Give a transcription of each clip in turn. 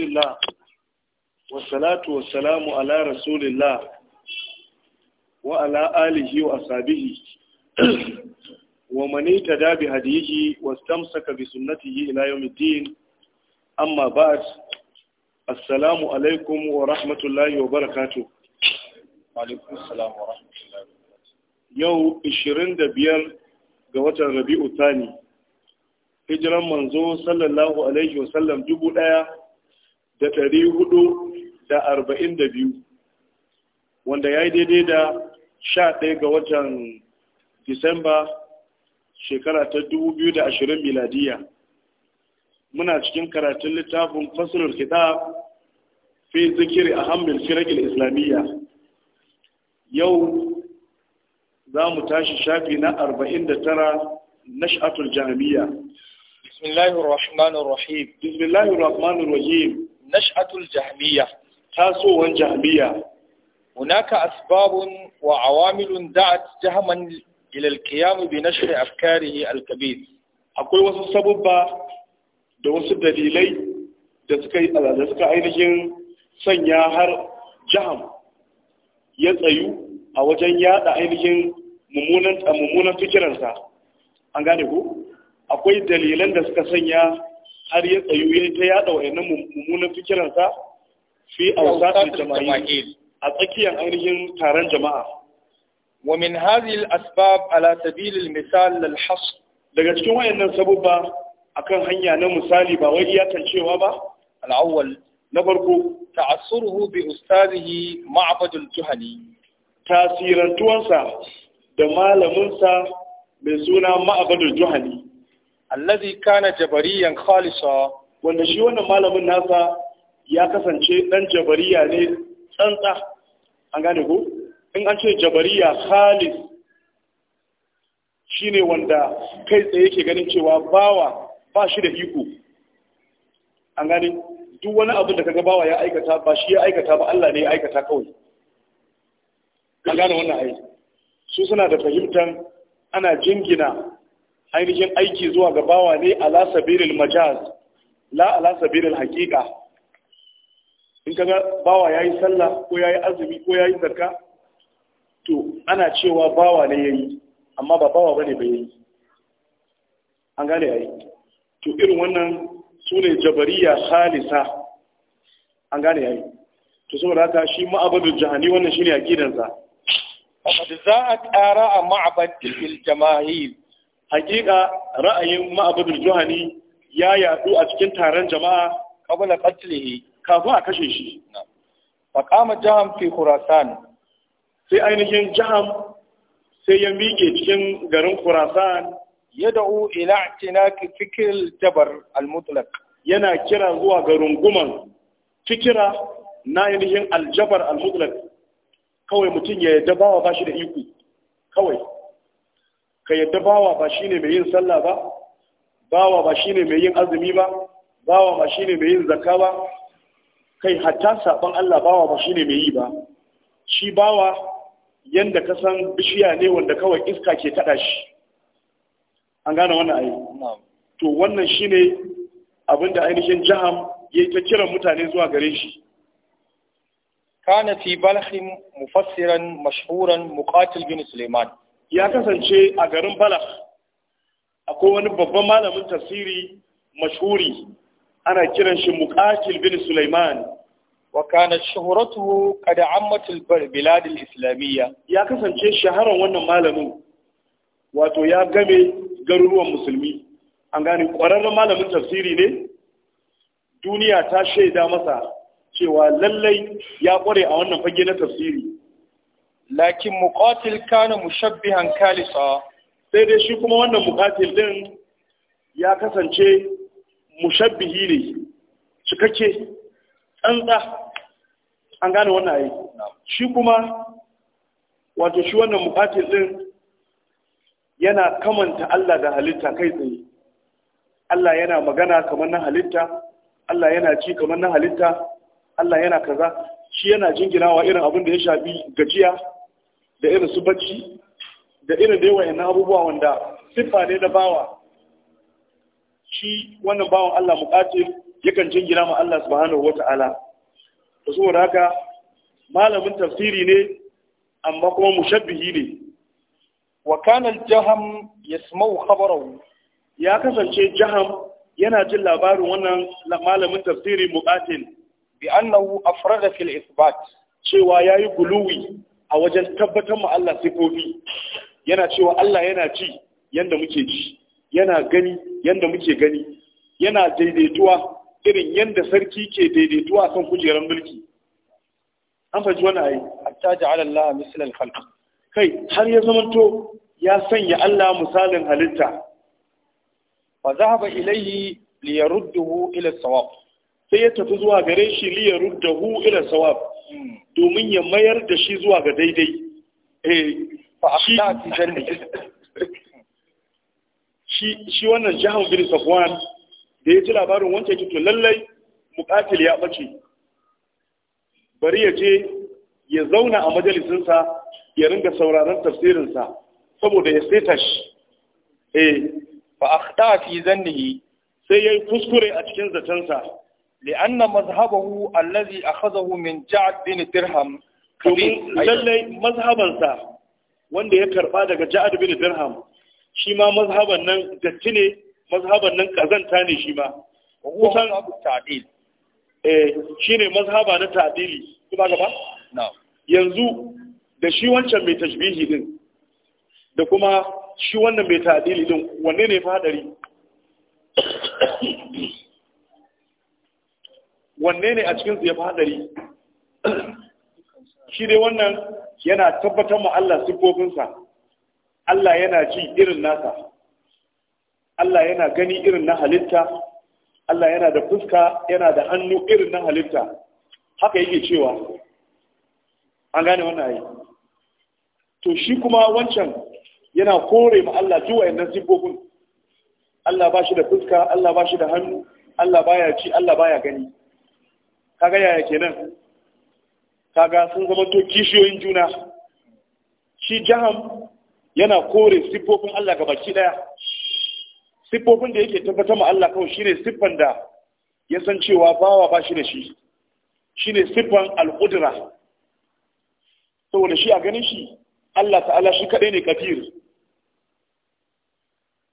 alhamdulillah wasalatu wasalamu ala rasulillah wa ala alihi wa ashabihi wa man ittaba bi hadihi wastamsaka bi sunnatihi ila yawmiddin amma ba'd assalamu alaikum wa rahmatullahi wa barakatuh wa alaikum assalam wa rahmatullahi yau 25 ga watan rabi'u thani Hijran manzo sallallahu alaihi wa sallam dubu daya da tari hudu da arba'in da biyu wanda ya yi daidai da sha ɗaya ga watan disamba shekara ta dubu biyu da ashirin miladiya muna cikin karatun littafin fasirar kitab fi zikiri a hamil firakil islamiyya yau za mu tashi shafi na arba'in da tara na sha'atul jami'a bismillahir rahmanir rahim bismillahir rahmanir rahim nash'atul jahmiya tasowan jahmiya hunaka asbabun wa awamilun da'at jahman ila al-qiyam bi nashr afkarihi al-kabir akwai wasu sabubba da wasu dalilai da suka da suka ainihin sanya har jaham ya tsayu a wajen yada ainihin mummunan mummunan fikiransa an gane ku akwai dalilan da suka sanya har ya tsayu ya ta yada wayannan mummunan fikiransa fi a jama'il a tsakiyar ainihin taron jama'a wa min hadhihi al-asbab ala sabilil al-misal daga cikin wayannan sabubba akan hanya na misali ba wai iyakancewa ba al na farko ta'assuruhu bi ustazihi ma'bad juhani tasirantuwansa da malaminsa mai suna ma'abadul juhani allazi kana jabariyan khalisa wanda shi wannan malamin nasa ya kasance dan jabariya ne tsantsa an gane ko in an ce jabariya khalis shine wanda kai tsaye yake ganin cewa bawa ba shi da iko an gane duk wani abin da kaga bawa ya aikata ba shi ya aikata ba Allah ne ya aikata kawai an gane wannan ai su suna da fahimtar ana jingina ainihin aiki zuwa ga bawa ne a lasabirin majaz la a lasabirin hakika. in kaga bawa ya yi sallah ko ya yi azumi ko ya yi zarka to ana cewa bawa ne ya yi, amma ba bawa bane bai yi an gane ya yi. to irin wannan su ne jabariya khalisa an gane ya yi. to saboda haka shi ma'abadul jihani wannan shi ne shine aqidansa za a ƙara a bil jamahir hakika ra'ayin ma'abudul juhani ya yadu a cikin taron jama'a qabla qatlihi kafin a kashe shi fa qama jaham fi khurasan sai ainihin jaham sai ya miƙe cikin garin khurasan yad'u ila i'tinaki fikr jabar al-mutlaq yana kira zuwa ga runguman fikira na ainihin aljabar al-mutlaq kawai mutum ya yadda ba shi da iko kawai ka yadda bawa ba shine mai yin sallah ba bawa ba shine mai yin azumi ba bawa ba shine mai yin zakka ba kai hatta sabon Allah bawa ba shine mai yi ba shi bawa yanda ka san bishiya ne wanda kawai iska ke kada shi an gane wannan ayi to wannan shine abinda ainihin jaham ya ta kiran mutane zuwa gare shi kana fi balhim mufassiran mashhuran muqatil bin suleiman ya kasance a garin balak akwai wani babban malamin tafsiri mashuri. ana kiran shi muqatil bin sulaiman wa kana shuhratuhu qad biladin bilad al islamiyya ya kasance shaharar wannan malamin wato ya game garuruwan musulmi an gane ƙwararren malamin tasiri ne duniya ta shaida masa cewa lallai ya kware a wannan fage na tasiri lakin muqatil kana mushabbihan kalisa sai dai shi kuma wannan muqatil din ya kasance mushabbihi ne cikakke tsantsa an gane wannan ayi shi kuma wato shi wannan muqatil din yana kamanta Allah da halitta kai tsaye Allah yana magana kamar na halitta Allah yana ci kamar na halitta Allah yana kaza shi yana jinginawa irin abin da ya shafi gajiya da irin su bacci da irin da yawan na abubuwa wanda siffa ne na bawa shi wannan bawan Allah muƙatil yakan gida ma Allah subhanahu wata'ala da saboda haka malamin tafsiri ne amma kuma mushabbihi ne wa kana jaham yasma'u khabarahu ya kasance jaham yana jin labarin wannan malamin tafsiri muƙatil bi annahu afrada fil isbat cewa yayi guluwi a wajen tabbatar ma Allah sifofi yana cewa Allah yana ci yanda muke ji yana gani yanda muke gani yana daidaituwa irin yanda sarki ke daidaituwa kan kujerar mulki an faji wani ayi hatta ja'ala Allah mislan khalq kai har ya zamanto ya sanya Allah misalin halitta fa zahaba ilayhi liyarudduhu ila sawab sai ya tafi zuwa gare shi liyarudduhu ila sawab domin ya mayar da shi zuwa ga daidai eh, shi wannan jihar bin safwan da ya ci labarin wancan kito lallai mukatil ya ɓace bari ya je ya zauna a majalisinsa ya ringa sauraron tafsirinsa saboda ya seta shi eh a fi zannihi sai ya yi kuskure a cikin zatensa. li'anna mazhabahu allazi akhadahu min Ja'd bin Dirham lallai mazhabansa wanda ya karba daga Ja'ad bin Dirham shi ma mazhaban nan datti ne mazhaban nan kazanta ne shi ma kusan ta'dil eh shine mazhaba na ta'dili ba gaba na'am yanzu da shi wancan mai tashbihi din da kuma shi wannan mai ta'dili din wanne ne fa hadari wanne ne a cikin ya fi hadari shi dai wannan yana tabbatar ma Allah siffofinsa Allah yana ji irin nasa Allah yana gani irin na halitta Allah yana da fuska yana da hannu irin na halitta haka yake cewa an gane wannan ayi to shi kuma wancan yana kore ma Allah zuwa wayannan siffofin Allah ba shi da fuska Allah ba shi da hannu Allah baya ci Allah baya gani kaga yaya kenan kaga sun zama to kishiyoyin juna shi jaham yana kore siffofin Allah ga baki daya siffofin da yake tabbatar ma Allah kawai shine siffan da ya san cewa bawa ba shi da shi shine siffan al-qudra saboda shi a ganin shi Allah ta'ala shi kadai ne kafir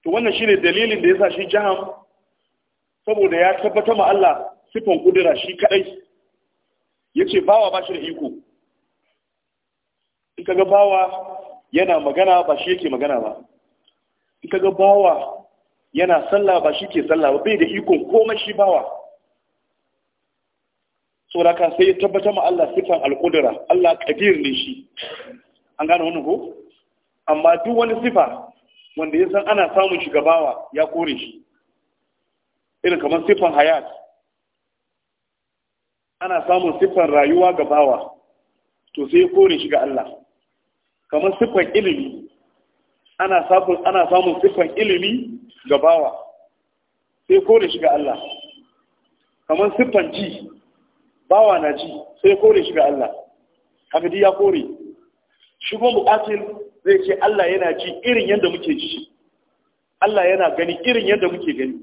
to wannan shine dalilin da yasa shi jaham saboda ya tabbata ma Allah sifan kudura shi kadai yace bawa ba shi da iko in kaga bawa yana magana ba shi yake magana ba in kaga bawa yana sallah ba shi ke sallah ba bai da ikon komai shi bawa sauraka sai ya tabbatar ma Allah sifan alƙudura Allah ƙadir ne shi an gane wani ko amma duk wani sifa wanda ya san ana samun shi gabawa ya kore shi irin kamar sifan hayat ana samun siffar rayuwa ga bawa to sai kore shi ga Allah kamar siffar ilimi ana samun ana samun siffar ilimi ga bawa sai kore shi ga Allah kamar siffar ji bawa na ji sai kore shi ga Allah haka ya kore shi kuma zai ce Allah yana ji irin yadda muke ji Allah yana gani irin yadda muke gani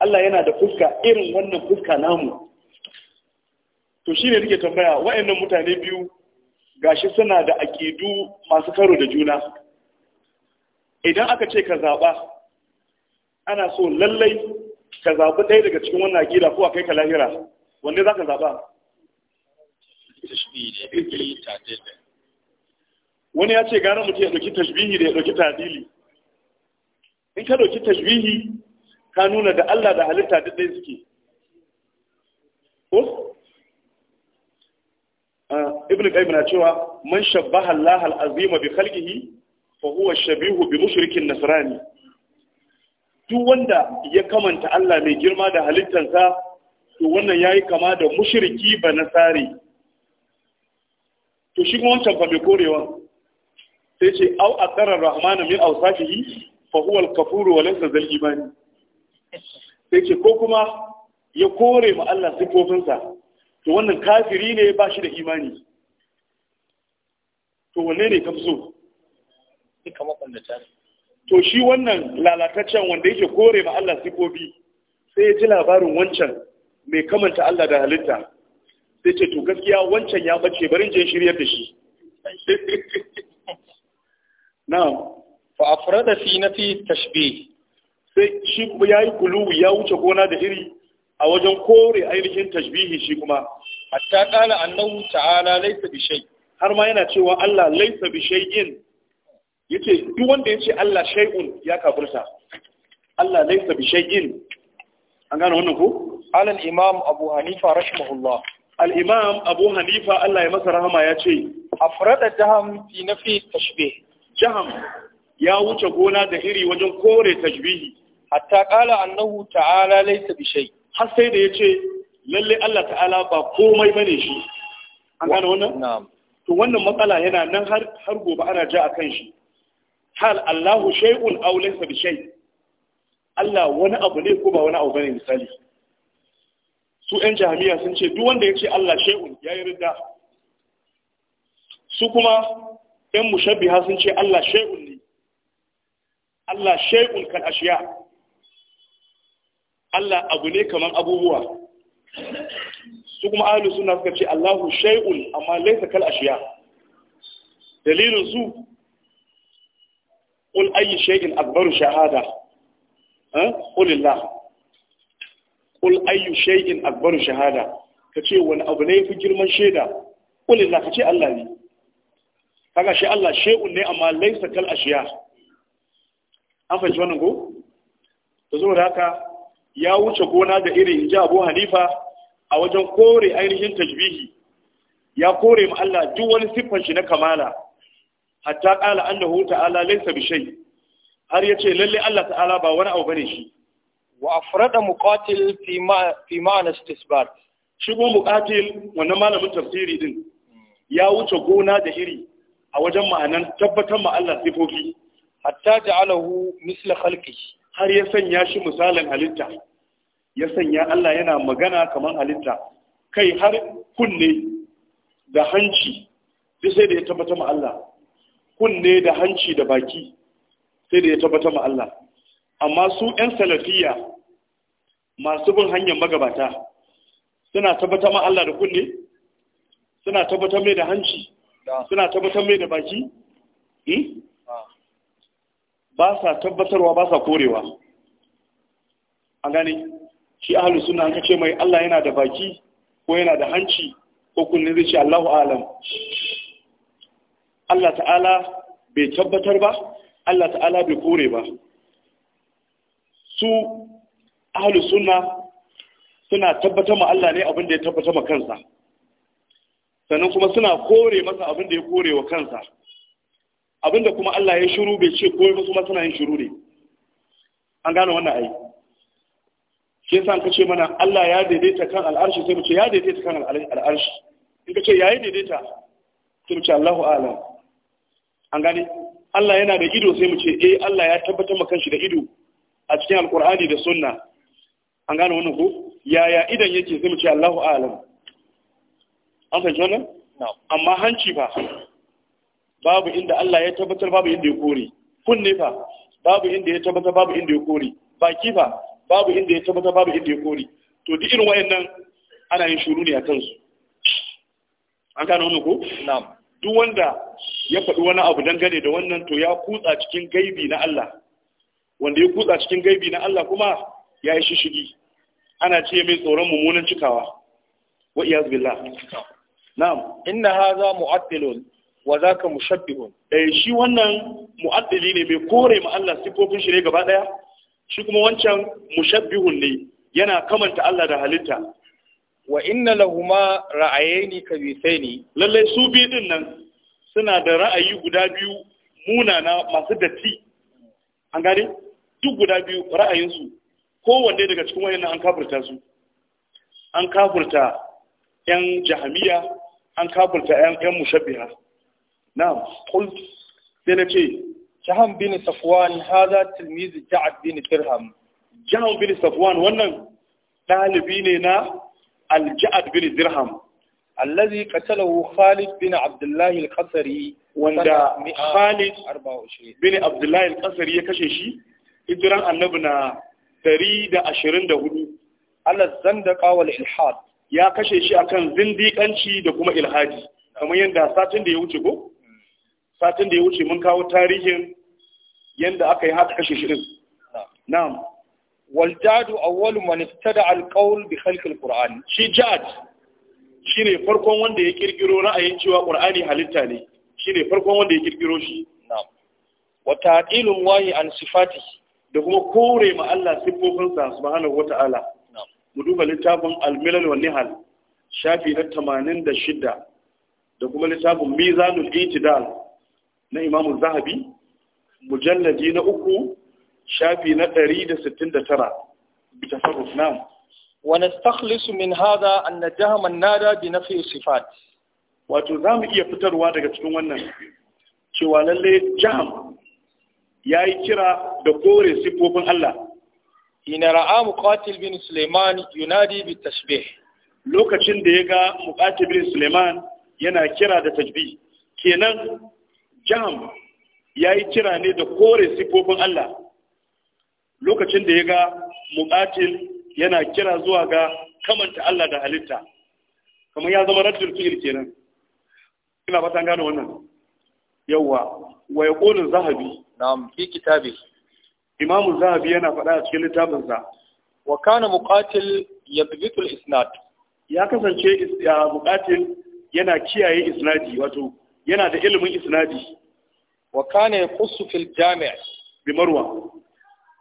Allah yana da fuska irin wannan fuska namu to shi ne nake tambaya wa'annan mutane biyu gashi suna da aƙidu masu karo da juna idan aka ce ka zaɓa ana so lallai ka zaɓi ɗaya daga cikin wannan aƙida ko a kai ka lahira wanne za ka zaɓa wani ya ce gane mutum ya ɗauki tashbihi da ya ɗauki tadili in ka ɗauki tashbihi ka nuna da Allah da halitta duk ɗaya suke ibn qayyim na cewa man shabbaha Allah al-azima bi khalqihi fa huwa shabihu bi mushrikin nasrani duk wanda ya kamanta Allah mai girma da halittansa to wannan yayi kama da mushriki ba nasari to shi kuma wancan fa mai korewa sai ce au aqara rahmanu min awsafihi fa huwa al-kafuru wa laysa zal imani sai ce ko kuma ya kore mu Allah sifofinsa to wannan kafiri ne ba shi da imani to wanne ne ka fi so to shi wannan lalataccen wanda yake kore ma Allah sifofi sai ya ji labarin wancan mai kamanta Allah da halitta sai ce to gaskiya wancan ya bace barin je shiryar da shi na'am fa afrada fi nafi tashbih sai shi ya yi kuluwi ya wuce gona da iri a wajen kore ainihin tashbihi shi kuma hatta qala annahu ta'ala laysa bi shay har ma yana cewa Allah laysa bi shay'in yace duk wanda yace Allah shay'un ya kafirta Allah laysa bi shay'in an gane wannan ko al imam abu hanifa rahimahullah al imam abu hanifa Allah ya masa rahama ya ce afrada jaham fi nafi tashbih jaham ya wuce gona da iri wajen kore tashbihi hatta qala annahu ta'ala laysa bi shay har sai da ya ce lalle Allah ta'ala ba komai bane shi an gane wannan to wannan matsala yana nan har har gobe ana ja a kan shi hal Allahu shay'un aw laysa bi shay Allah wani abu ne ko ba wani abu bane misali su ɗan jami'a sun ce duk wanda ya ce Allah shay'un yi ridda su kuma ɗan mushabbiha sun ce Allah shay'un ne Allah shay'un kal ashiya' Allah abu ne kamar abubuwa su kuma ahlus suna suka ce Allahu shay'un amma laysa kal ashiya dalilin su qul ayyu shay'in akbaru shahada eh qul lillah qul ayyu shay'in akbaru shahada kace wani abu ne fi girman shaida qul ka kace Allah ne kaga shi Allah shay'un ne amma laysa kal ashiya an fahimci wannan ko to da haka ya wuce gona da iri in ji abu hanifa a wajen kore ainihin tajbihi ya kore ma Allah duk wani siffar shi na kamala hatta qala annahu ta'ala laysa bi shay har yace lalle Allah ta'ala ba wani abu bane shi wa afrada muqatil fi ma fi ma'ana istisbat shi muqatil wannan malamin tafsiri din ya wuce gona da iri a wajen ma'anan tabbatar ma Allah sifofi hatta ja'alahu misla khalqihi har ya sanya shi misalin halitta ya sanya Allah yana magana kamar halitta kai har kunne da hanci duk sai da ya tabbata ma Allah kunne da hanci da baki sai da ya tabbata ma Allah amma su ƴan salafiya masu bin hanyar magabata suna tabbata ma Allah da kunne suna tabbata mai da hanci suna tabbata mai da baki hmm? ba sa tabbatarwa ba sa korewa an gani shi ahlus sunna an ce mai Allah yana da baki ko yana da hanci ko kunne zai ce Allahu alam Allah ta'ala bai tabbatar ba Allah ta'ala bai kore ba su ahlus sunna suna tabbatar ma Allah ne abin da ya tabbatar ma kansa sannan kuma suna kore masa abin da ya kore wa kansa abinda kuma Allah ya shiru bai ce ko wasu ma suna yin shiru ne an gane wannan ai ke san ka ce mana Allah ya daidaita kan al'arshi sai mu ce ya daidaita kan al'arshi in ka ce yi daidaita sai mu ce Allahu a'lam an gane Allah yana da ido sai mu ce eh Allah ya tabbatar maka kanshi da ido a cikin alkur'ani da sunna an gane wannan ko yaya idan yake sai mu ce Allahu a'lam an fahimci wannan amma hanci ba babu inda Allah ya tabbatar babu inda ya kore kunne fa babu inda ya tabbatar babu inda ya kore baki fa babu inda ya tabbatar babu inda ya kore to duk irin wayannan ana yin shuru ne a kansu an gane wannan ko na'am duk wanda ya faɗi wani abu dangane da wannan to ya kutsa cikin gaibi na Allah wanda ya kutsa cikin gaibi na Allah kuma ya yi shishigi ana ce mai tsoron mummunan cikawa wa iyaz billah na'am inna hadha mu'attilun wa za ka mushabbihun eh shi wannan mu'addili ne mai kore ma Allah sifofin shi ne gaba shi kuma wancan mushabbihun ne yana kamanta Allah da halitta wa inna lahuma ra'ayani kabisaini lalle su bi din nan suna da ra'ayi guda biyu munana masu datti an gane duk guda biyu ra'ayinsu kowanne daga cikin wayannan an kafirta su an kafurta yan jahamiya an kafirta yan mushabbiha na'am qult sai na ce shaham bin safwan hadha tilmiz ja'ad bin dirham ja'ad bin safwan wannan dalibi ne na al-ja'ad bin dirham الذي قتله خالد بن عبد الله القصري وندا خالد 24 بن عبد الله القصري ya kashe shi hijiran annabi na 124 Allah ilhad ya kashe shi akan zindiƙanci da kuma ilhadi kamar yadda satin da ya wuce ko satin da ya wuce mun kawo tarihin yadda aka yi haka kashe shirin na'am Waljadu a awwalu man istada al qawl bi khalq al qur'an shi jad shine farkon wanda ya kirkiro ra'ayin cewa qur'ani halitta ne shine farkon wanda ya kirkiro shi na'am wa ta'dilun wahi an sifati da kuma kore ma Allah sifofin sa subhanahu Na'am. mu duba littafin al-milal nihal shafi na 86 da kuma littafin mizanul itidal na imamu zahabi mujalladi na uku shafi na ɗari da sittin da tara bitafarruf na'am wa nastakhlisu min hadha an najahama nada bi nafi sifat wato zamu iya fitarwa daga cikin wannan cewa lalle jaham yayi kira da kore sifofin Allah ina ra'a muqatil bin Sulaiman yunadi bi tashbih lokacin da ya ga muqatil bin Sulaiman yana kira da tajbih kenan jam ya yi kira ne da kore sifofin Allah lokacin da ya ga muƙatil yana kira zuwa ga kamanta Allah da halitta kamar ya zama raddul fi'il kenan ina fatan gane wannan yawa wa yaqulu zahabi na'am fi kitabi imam zahabi yana faɗa a cikin littafin sa wa kana muqatil yadbitu al-isnad ya kasance muqatil yana kiyaye isnadi wato yana da ilimin isnadi wa kana yaqussu fil jami' bi marwa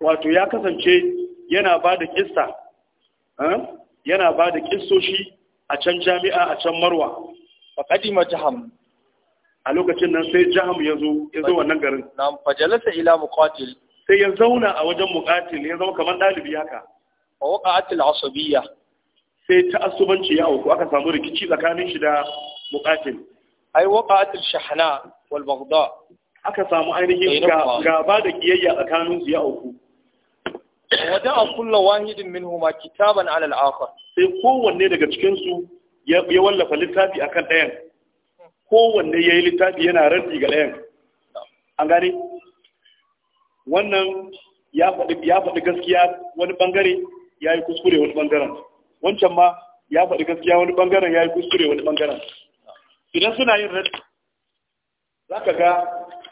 wato ya kasance yana ba da kissa eh? yana ba da kissoshi a can jami'a a can marwa fa qadima jaham a lokacin nan sai jaham ya zo ya zo wannan garin na fajalasa ila muqatil sai ya zauna a wajen muqatil ya zama kamar dalibi haka fa waqa'at al asabiyya sai ta asubanci ya auku aka samu rikici tsakanin shi da muqatil ai al shahna wal baghda aka samu ainihin gaba da kiyayya tsakanin su ya auku wada kullu wahidin min huma kitaban al akhar sai kowanne daga cikin su ya wallafa littafi akan ɗayan kowanne yayi littafi yana raddi ga ɗayan an gane wannan ya faɗi gaskiya wani bangare ya yi kuskure wani bangaren wancan ma ya faɗi gaskiya wani bangaren ya yi kuskure wani bangaren idan suna yin raddi za ka ga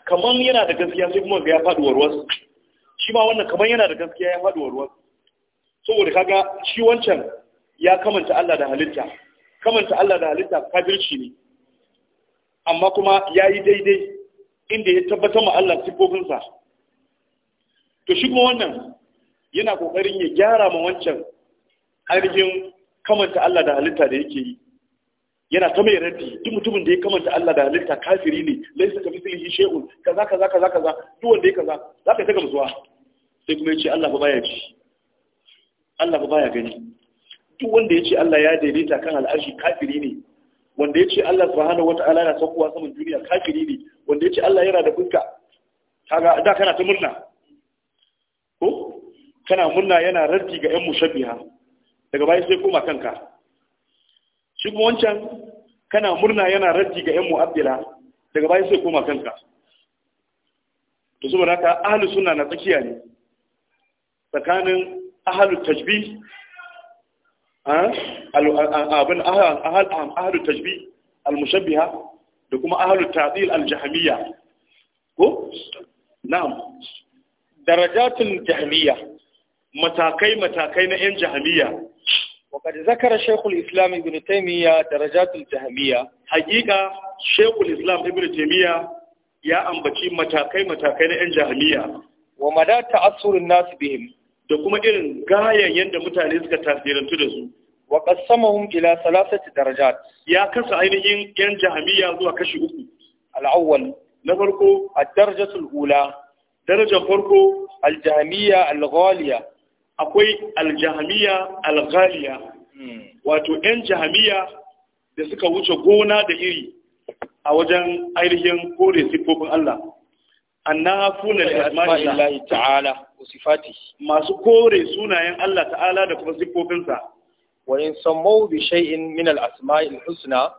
kamar yana da gaskiya sai kuma ga ya faɗi ruwansu shi ma wannan kamar yana da gaskiya ya faɗi ruwansu saboda kaga shi wancan ya kamanta Allah da halitta kamanta Allah da halitta kafirci ne amma kuma ya yi daidai inda ya tabbatar ma Allah sifofinsa, to shi kuma wannan yana kokarin ya gyara ma wancan ainihin kamanta Allah da halitta da yake yi yana ta mai rabi duk mutumin da ya kamanta Allah da halitta kafiri ne laisa ka yi shay'un kaza kaza kaza kaza duk wanda ya kaza za ka ta gamsuwa sai kuma ya ce Allah ba baya ji Allah ba baya gani duk wanda ya ce Allah ya daidaita kan al'arshi kafiri ne wanda ya ce Allah subhanahu wata'ala yana saukowa saman duniya kafiri ne wanda ya ce Allah yana da fuska kaga da kana ta murna ko kana murna yana rabi ga ƴan mushabiha daga bayan sai koma kanka shi kuma wancan kana murna yana raddi ga yan mu’abdila daga baya sai koma kanka to saboda haka ahlus sunna na tsakiya ne tsakanin ahlut tajbih ah, abin ahalu tajbi al-mushabbiha da kuma ahalu ta'dil al-jahmiya ko na'am darajatul jahmiya matakai matakai na yan jahmiya وقد ذكر شيخ الإسلام ابن تيمية درجات الجهمية حقيقة شيخ الإسلام ابن تيمية يا أنبتي متاكي متاكي لأن جهمية ومدى تأثر الناس بهم da kuma irin gayan yadda mutane suka tasirantu da su wa qassamahum ila salasati darajat ya kasa ainihin yan jahamiya zuwa kashi uku al-awwal na farko a darajatul ula darajar farko al-jahmiya al akwai aljahamiya alghaliya wato yan jahamiya da suka wuce gona da iri a wajen ainihin kore siffofin Allah annafuna li asma'illahi ta'ala wa sifati masu kore sunayen Allah ta'ala da kuma siffofinsa wa in sammu bi shay'in min al-asma'il husna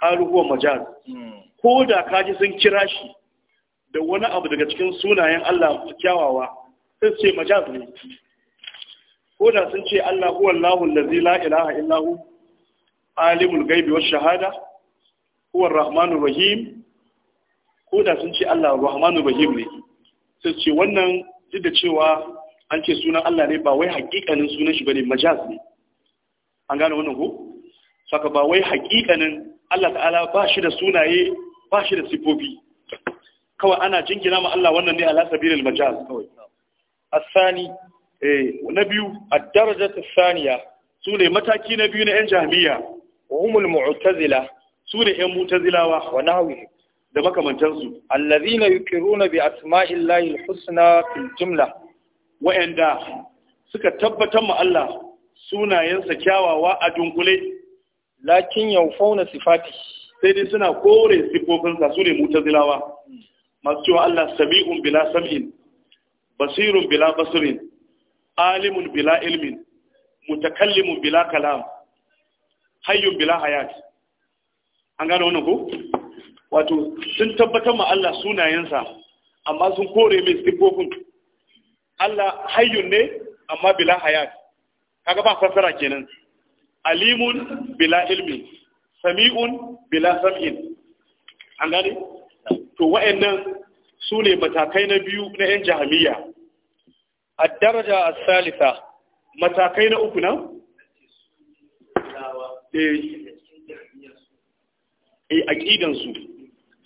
qalu huwa majaz hmm. ko da kaji sun kira shi da wani abu daga cikin sunayen Allah kyawawa sai ce majaz ne ko da sun ce Allah huwa Allahu allazi la ilaha illa hu alimul ghaibi wash shahada huwa arrahmanur rahim ko da sun ce Allah arrahmanur rahim ne sai ce wannan duk da cewa an ce sunan Allah ne ba wai hakikanin sunan shi bane majaz ne an gane wannan ko saka ba wai hakikanin Allah ta'ala ba shi da sunaye ba shi da sifofi kawai ana jingina ma Allah wannan ne ala sabilil majaz kawai asani Eh, na biyu a darajar saniya su ne mataki na biyu na 'yan jami'a wa mu'tazila su ne 'yan mutazilawa wa nahawi da makamantansu allazina na bi asma'illahi alhusna fil jumla wa'anda suka tabbatar ma Allah sunayensa kyawawa a dunkule lakin yawfauna sifati sai dai suna kore sifofinsa su ne mutazilawa masu cewa Allah sami'un bila sam'in basirun bila basirin alimun bila ilmin mutakallimun bila kalam hayyun bila hayat an gane wannan ko wato sun tabbatar ma Allah sunayensa amma sun kore mai siffofin Allah hayyun ne amma bila hayat kaga ba fassara kenan alimun bila ilmi sami'un bila sam'in an gane to wa'annan su ne matakai na biyu na yan jahamiya matakai na uku أكنا eh aqidansu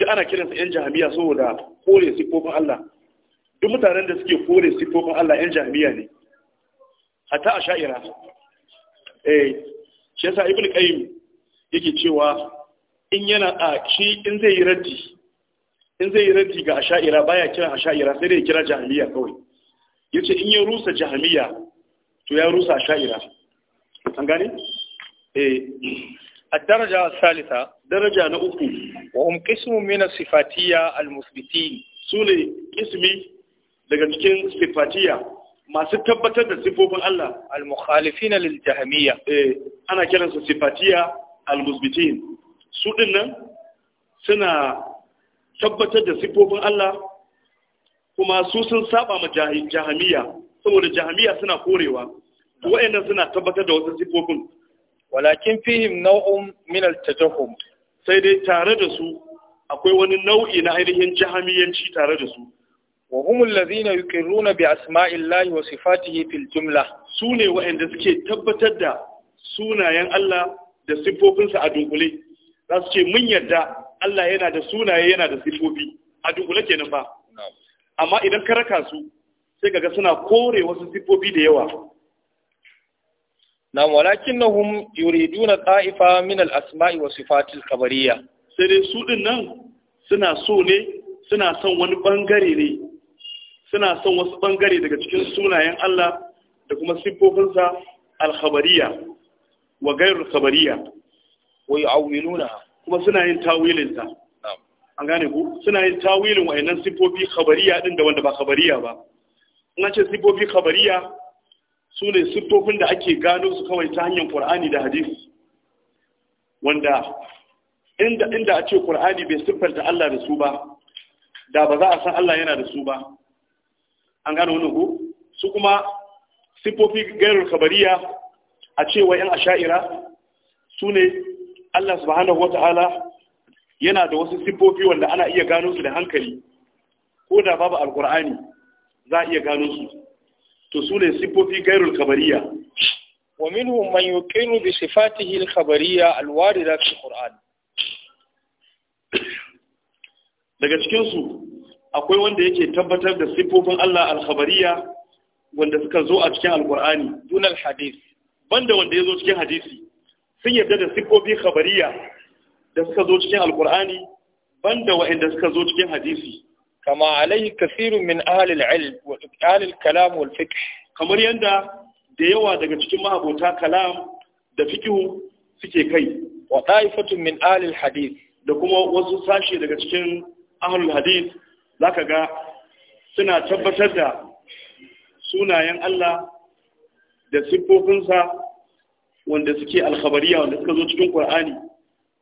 duk ana kiransa yan jahamiya saboda kore sifofin Allah duk mutanen da suke kore sifofin Allah yan jahamiya ne a sha'ira eh shi yasa ibnu qayyim yake cewa in yana a shi in zai yi raddi in zai yi raddi ga asha'ira baya kira asha'ira sai dai kira jahiliya kawai ya ce in ya rusa jahamiya to ya rusa sha'ira an gane? Eh. a daraja salisa daraja na uku wa hum qismu min sifatiya al-musbitin sune ismi daga cikin sifatiya masu tabbatar da sifofin Allah al-mukhalifina lil jahamiya. eh ana kiransa sifatiya al-musbitin su dinnan suna tabbatar da sifofin Allah kuma su sun saba ma jahamiya saboda jahamiya suna korewa wa'annan suna tabbatar da wasu sifofin walakin fihim nau'un min al tajahum sai dai tare da su akwai wani nau'i na ainihin jahamiyanci tare da su wa humul ladhina yuqirruna bi asma'illahi wa sifatihi fil jumla sune wa'anda suke tabbatar da sunayen Allah da sa a dunkule za su ce mun yarda Allah yana da sunaye yana da sifofi a dunkule kenan ba amma idan ka raka su sai kaga suna kore wasu siffofi da yawa na walakinnahum yuriduna ta'ifa min al-asma'i wa sifatil kabariya. sai dai su din nan suna so ne suna son wani bangare ne suna son wasu bangare daga cikin sunayen Allah da kuma siffofinsa al-khabariyya wa ghayr al-khabariyya wa yu'awwiluna kuma suna yin tawilinta an gane ku suna yin tawilin wayannan sifofi khabariya din da wanda ba khabariya ba in ce sifofi khabariya su ne sifofin da ake gano su kawai ta hanyar qur'ani da hadisi wanda inda inda a ce qur'ani bai siffanta Allah da su ba da ba za a san Allah yana da su ba an gane wannan ku su kuma sifofi gairul khabariya a ce wayan asha'ira su ne Allah subhanahu wata'ala yana da wasu siffofi wanda ana iya gano su da hankali ko da babu alkur'ani za a iya gano su to su ne siffofi gairul kabariya wa minhum man yuqinu bi sifatihi al khabariya al warida fi qur'an daga cikin su akwai wanda yake tabbatar da siffofin Allah al khabariya wanda suka zo a cikin alkur'ani dun al hadith banda wanda ya zo cikin hadisi sun yarda da siffofi khabariya da suka zo cikin alkur'ani banda wa'inda suka zo cikin hadisi kama Kasiru kasirun min ahlil ilm wa ahlil kalam wal fiqh kamar yanda da yawa daga cikin mahabota kalam da fiqh suke kai wa ta'ifatun min ahlil hadith da kuma wasu sashe daga cikin ahlul hadith zaka ga suna tabbatar da sunayen Allah da siffofinsa wanda suke alkhabariya wanda suka zo cikin Qur'ani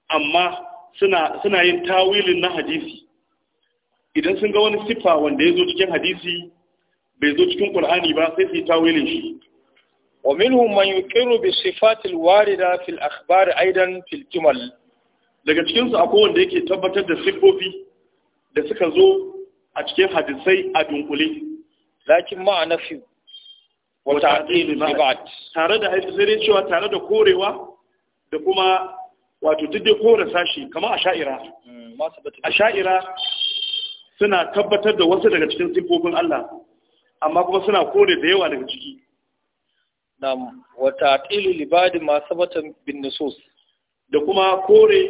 amma suna suna yin tawilin na hadisi idan sun ga wani siffa wanda ya zo cikin hadisi bai zo cikin Qur'ani ba sai su yi tawilin shi wa minhum man yuqiru bi sifatil warida fil akhbar aidan fil jumal daga cikin su akwai wanda yake tabbatar da siffofi da suka zo a cikin hadisai a dunkule lakin ma'ana fi wa ta'dil ba'd tare da hadisi sai cewa tare da korewa da kuma wato duk dai kowane sashi kamar a sha'ira mm, a sha'ira suna tabbatar da wasu daga cikin siffofin Allah amma kuma suna kore da yawa daga ciki na wata ta'tilu libadi ma sabata bin nusus da kuma kore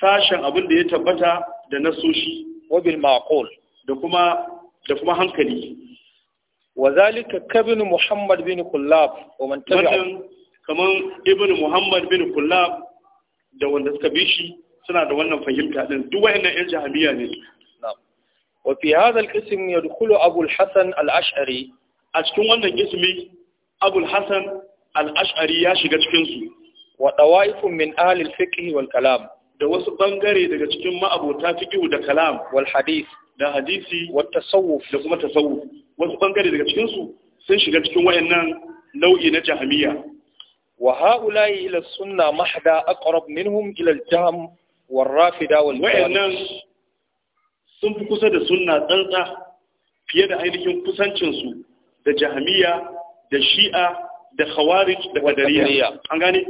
sashen abin da ya tabbata da nasoshi wa bil maqul da kuma da kuma hankali wa zalika kabin muhammad bin kullab wa man tabi'a kaman ibnu muhammad bin kullab da wanda suka bi shi suna da wannan fahimta din duk wayannan yan jahiliya ne wa fi hadha al-qism yadkhulu Abu al-Hasan al-Ash'ari a cikin wannan ismi Abu al-Hasan al-Ash'ari ya shiga cikin su wa dawaifun min ahli al-fiqh wal kalam da wasu bangare daga cikin ma'abota fiqh da kalam wal hadith da hadisi wa tasawuf da kuma tasawuf wasu bangare daga cikin su sun shiga cikin wayannan nau'i na jahiliya wa ha'ula'i ila sunna mahda aqrab minhum ila al-jahm wal rafida wal wa'annan sun fi kusa da sunna tsantsa fiye da ainihin kusancinsu da jahmiya da shi'a da khawarij da qadariyya an gane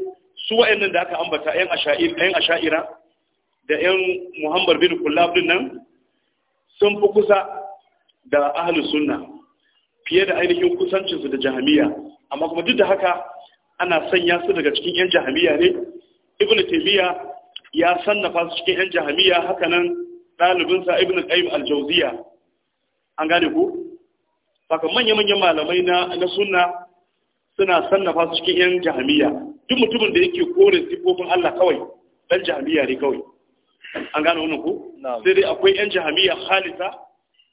su wa'annan da aka ambata 'Yan asha'ir ayan asha'ira da 'Yan muhammad bin kullab din nan sun fi kusa da ahlus sunna fiye da ainihin kusancinsu da jahmiya amma kuma duk da haka ana sanya su daga cikin yan jahamiya ne ibnu taymiya ya sannafa su cikin yan jahamiya hakanan sa ibnu qayyim al-jawziya an gane ku baka manya-manyan malamai na na sunna suna sannafa su cikin yan jahamiya duk mutumin da yake kore sifofin Allah kawai dan jahamiya ne kawai an gane wannan ku sai dai akwai yan jahamiya khalisa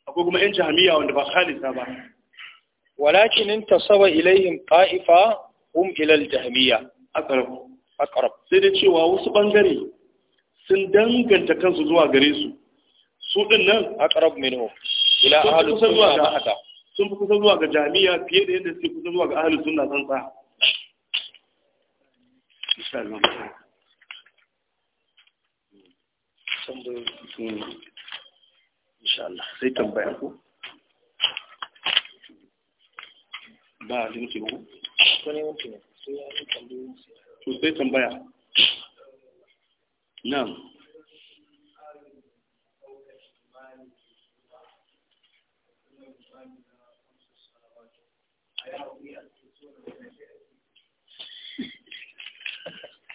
akwai kuma yan jahamiya wanda ba khalisa ba walakin intasaba ilaihim qa'ifa hum ilal jahmiya aqrab aqrab sai da cewa wasu bangare sun danganta kansu zuwa gare su su din nan aqrab minhum ila ahli sunna ma'ata sun fi kusa zuwa ga jami'a fiye da yadda suke kusa zuwa ga ahli sunna san sa Allah insha Allah sai ba a muke ba to sai tambaya na'am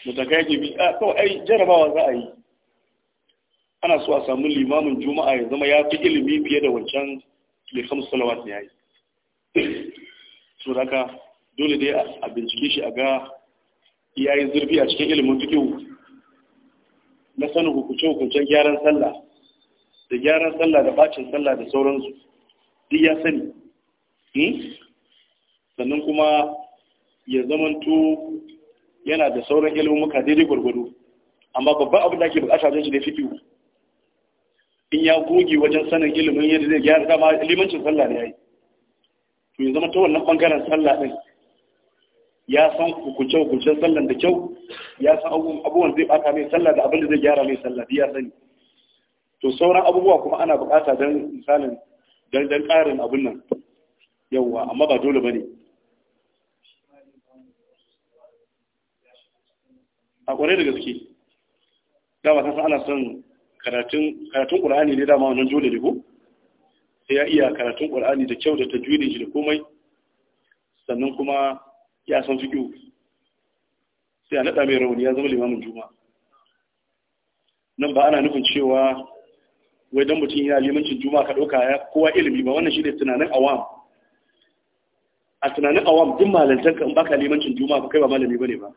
mutakaki bi a ah, kawai ai jarabawa za a yi ana so a samu limamin juma'a ya zama ya fi ilimi fiye da wancan da kamsu salawat ne ya yi so da dole dai a bincike shi a ga yayin zurfi a cikin ilimin fikihu na sanin hukuce-hukucen gyaran sallah da gyaran sallah da bacin sallah da sauransu duk ya sani hmm? sannan kuma ya zamanto yana da sauran ilimin muka daidai gwargwado amma babban abin da ake bukata wajen shi ne fikihu in ya goge wajen sanin ilimin yadda zai gyara dama limancin sallah ne ya yi to ya zama ta wannan bangaren sallah din ya san hukunce-hukuncen sallan da kyau ya san abubuwan zai baka mai sallah da abin da zai gyara mai sallah ya sani to sauran abubuwa kuma ana bukata don misalin don don karin abin nan yawwa amma ba dole bane a kwarai da gaske dama ta san ana son karatun karatun qur'ani ne dama wannan dole ne ko sai ya iya karatun qur'ani da kyau da tajwidin shi da komai sannan kuma ya san fiƙihu sai a naɗa mai rauni ya zama limamin juma'a nan ba ana nufin cewa wai don mutum yana limancin juma'a ka ɗauka ya kowa ilimi ba wannan shi ne tunanin awam a tunanin awam duk malantar ka in baka limancin juma'a ba kai ba malami ne ba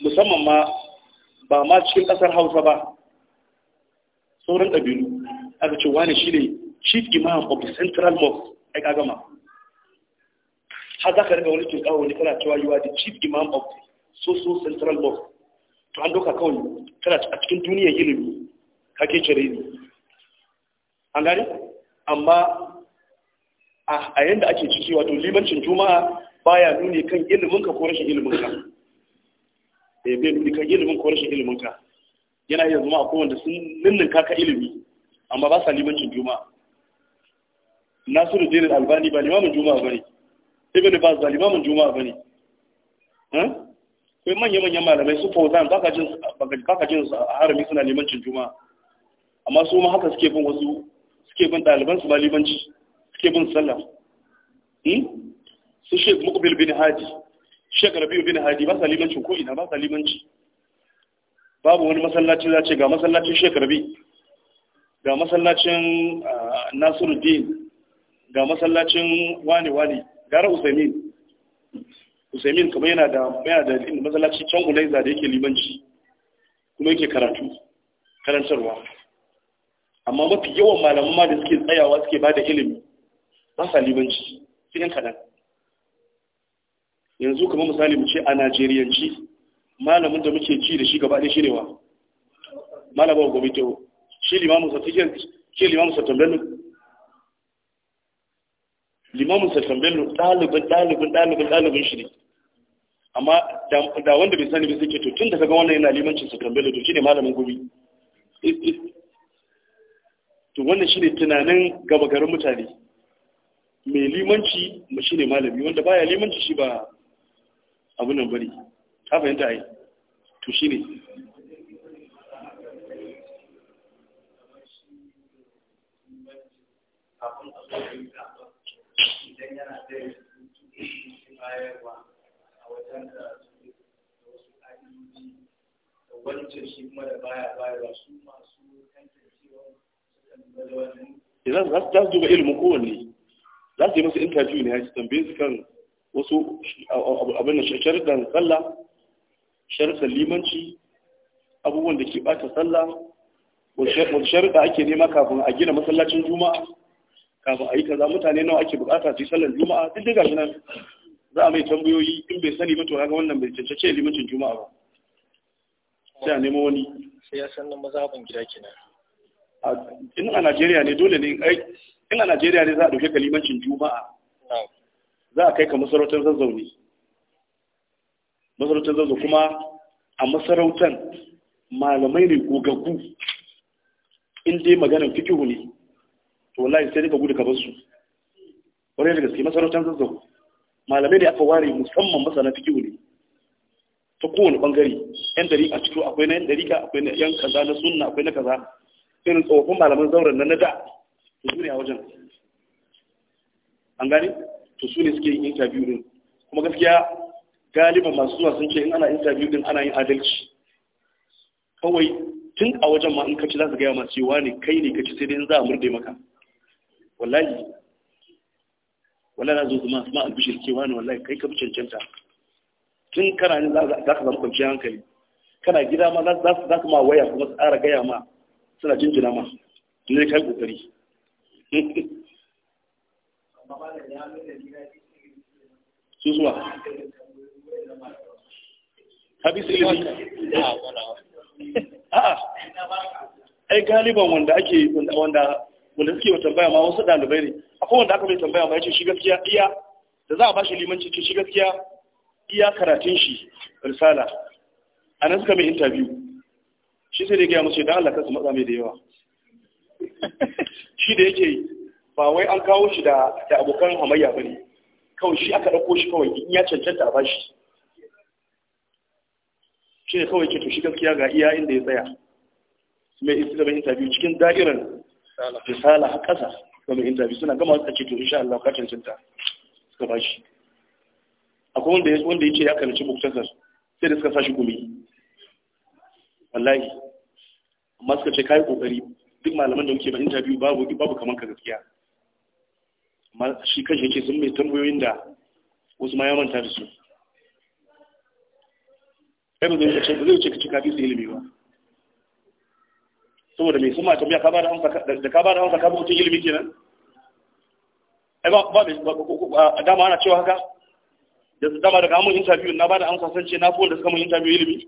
musamman ma ba ma cikin ƙasar hausa ba sauran ƙabilu aka ce wani shi ne chief imam of the central mosque ai har za ka riga wani tuka wani kana cewa yiwa da chief imam of so so central mosque to an doka kawai kana a cikin duniyar ilimi ke cire ni an gani amma a yanda ake ciki wato limancin juma'a baya nuni kan iliminka ko rashin iliminka eh bai nuni kan ilimin ko rashin iliminka yana iya zama akwai wanda sun ninnin kaka ilimi amma ba sa limancin juma'a nasiru dinin albani ba limamin juma'a bane ibn baz ba limamin juma'a bane eh? sai manya-manyan malamai su fauzan baka jin su a harami suna limancin juma'a amma su ma haka suke bin wasu suke bin ɗaliban su ma limanci suke bin sallah hmm? su shek mukbil bin hadi shek rabiu bin hadi ba sa limanci ko ina ba sa limanci babu wani masallaci za ce ga masallacin shek rabi ga masallacin ah, nasiruddin ga masallacin wane-wane gara usaimin usaimin kuma yana da yana da inda masallaci can unaiza da yake limanci kuma yake karatu karantarwa amma mafi yawan malaman ma da suke tsayawa suke ba da ilimi ba sa limanci sai yan kaɗan yanzu kuma misali mu ce a najeriyanci malamin da muke ci da shi gaba ɗaya shi ne wa malamin gwamnati shi limamin sa tijan shi limamin sa tambayin limamin sassan bello ɗalibin ɗalibin ɗalibin ɗalibin shi ne amma da wanda bai sani bai suke to tun da kaga wannan yana limancin sassan bello to shi ne malamin gobe to wannan shi ne tunanin gaba garin mutane mai limanci shi ne malami wanda baya limanci shi ba abin nan bari ta fahimta ai to shi ne Thank you. idan yana da shi bayarwa a wajen da su wasu ƙa'idoji da wancan shi kuma da baya bayarwa su masu tantancewa sukan lura da wannan idan za su duba ilimin kowanne za su yi masu interview ne ya su tambaye su kan wasu abin da sharuɗan sallah sharuɗan limanci abubuwan da ke ɓata sallah wasu sharuɗa ake nema kafin a gina masallacin juma'a kafin a yi kaza mutane nawa ake bukata su yi sallar juma'a duk da gashi nan za a mai tambayoyi in bai sani ba to kaga wannan bai cancace limancin juma'a ba sai a nemo wani sai ya san mazhabin gida kenan in a Najeriya ne dole ne in a Najeriya ne za a dauke ka juma'a za a kai ka masarautar zazzauni masarautar zazzau kuma a masarautar malamai ne gogaggu in dai maganar fikihu ne to wallahi sai ka gudu ka bar su Wani da gaske masarautar zazzau malamai da aka ware musamman masana fikihu ne ta kowane bangare yan dariƙa ciki akwai na yan dariƙa akwai na yan kaza na sunna akwai na kaza irin tsofaffin malaman zauren na da to su ne a wajen an gane to su ne suke yin interview din kuma gaskiya galiban masu zuwa sun ce in ana interview din ana yin adalci kawai tun a wajen ma in ka ci za su gaya masu cewa ne kai ne ka ci sai dai in za a murde maka wallahi wallahi na zo kuma ma albishir cewa ne wallahi kai ka bi cancanta tun kana ne za ka zama kwanciyar hankali kana gida ma za su ma waya kuma su ƙara gaya ma suna jinjina ma ne kai kokari su zuwa habis ilimi ah, a'a ai galiban wanda ake wanda wanda suke wa tambaya ma wasu ɗalibai ne akwai wanda aka mai tambaya ma ya ce shi gaskiya iya da za a bashi limanci ce shi gaskiya iya karatun shi risala a nan suka mai interview shi sai da gaya musu da Allah kansu matsa mai da yawa shi da yake ba wai an kawo shi da abokan hamayya ba ne kawai shi aka ɗauko shi kawai in ya cancanta a bashi shi ne kawai ke to shi gaskiya ga iya inda ya tsaya mai isi da mai interview cikin da'irar risala a ƙasa ga mai interview suna gama wata ce to insha Allah ka cinta suka ba shi akwai wanda ya wanda ya ce ya karanci muktasar sai da suka sa shi gumi wallahi amma suka ce kai kokari duk malaman da muke ba interview babu babu kaman ka gaskiya amma shi kanshi yake sun mai tambayoyin da wasu ma ya manta da su kai ba zai ce ka ci kafi su ilimi ba saboda mai suma tambaya ka bada amsa da ka bada amsa ka bi mutum ilimi kenan ai ba ba a dama ana cewa haka da dama daga amun interview na bada amsa san ce na fi da suka mun interview ilimi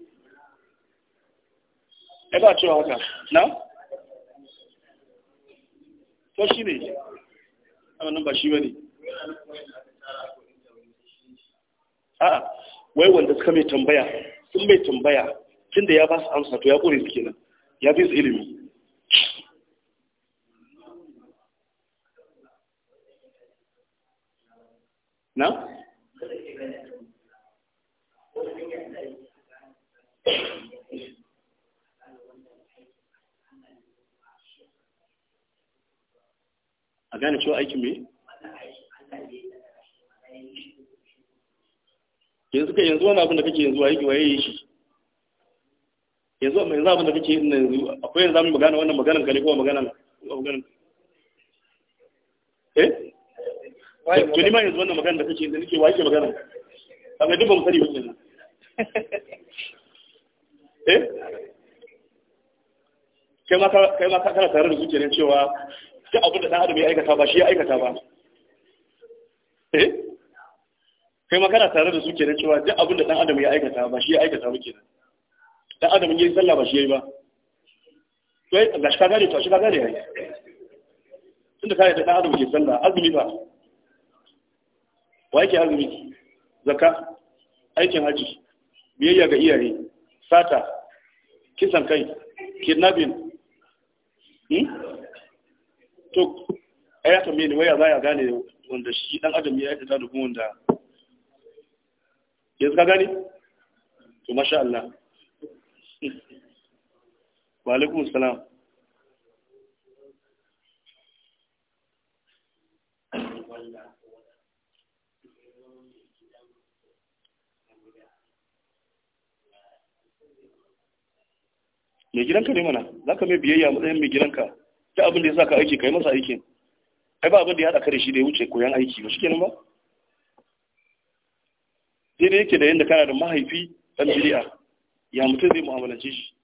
ai ba cewa haka na to shi ne wannan ba shi bane a wai wanda suka mai tambaya sun mai tambaya tun da ya ba su amsa to ya kore su kenan ya fi su ilimi na? a gane cewa aikin me? yanzu ka yanzu wani abin da kake yanzu aiki waye yi shi yanzu wani yanzu abin da kake na yanzu akwai yanzu amin magana wannan maganan ka ne ko maganan maganan eh to ni ma yanzu wannan magana da kake da nake wa yake magana kaga duk ban sani ba kenan eh kai ma kai ma kana tare da zuciyar cewa duk abin da dan adam ya aikata ba shi ya aikata ba eh kai ma kana tare da zuciyar cewa duk abin da dan adam ya aikata ba shi ya aikata ba kenan dan adam ya yi sallah ba shi ya yi ba to ga shi ka gane to shi ka gane yayi tunda kai da dan adam ke sallah azumi ba wa yake azumi zakka aikin haji biyayya ga iyaye sata kisan kai kidnapping hmm? to a ya tambaye waya za ya gane wanda shi dan adam ya yi ta dubu wanda ya ka gani to masha Allah wa alaikum salam Thank you. mai gidanka ne mana za ka mai biyayya matsayin mai gidanka ta abin da ya sa ka aiki ka yi masa aikin ai ba abin da ya haɗa kare shi da ya wuce koyan aiki ba shi kenan ba sai da yake da yadda kana da mahaifi ɗan jiri'a ya mutum zai mu'amalance shi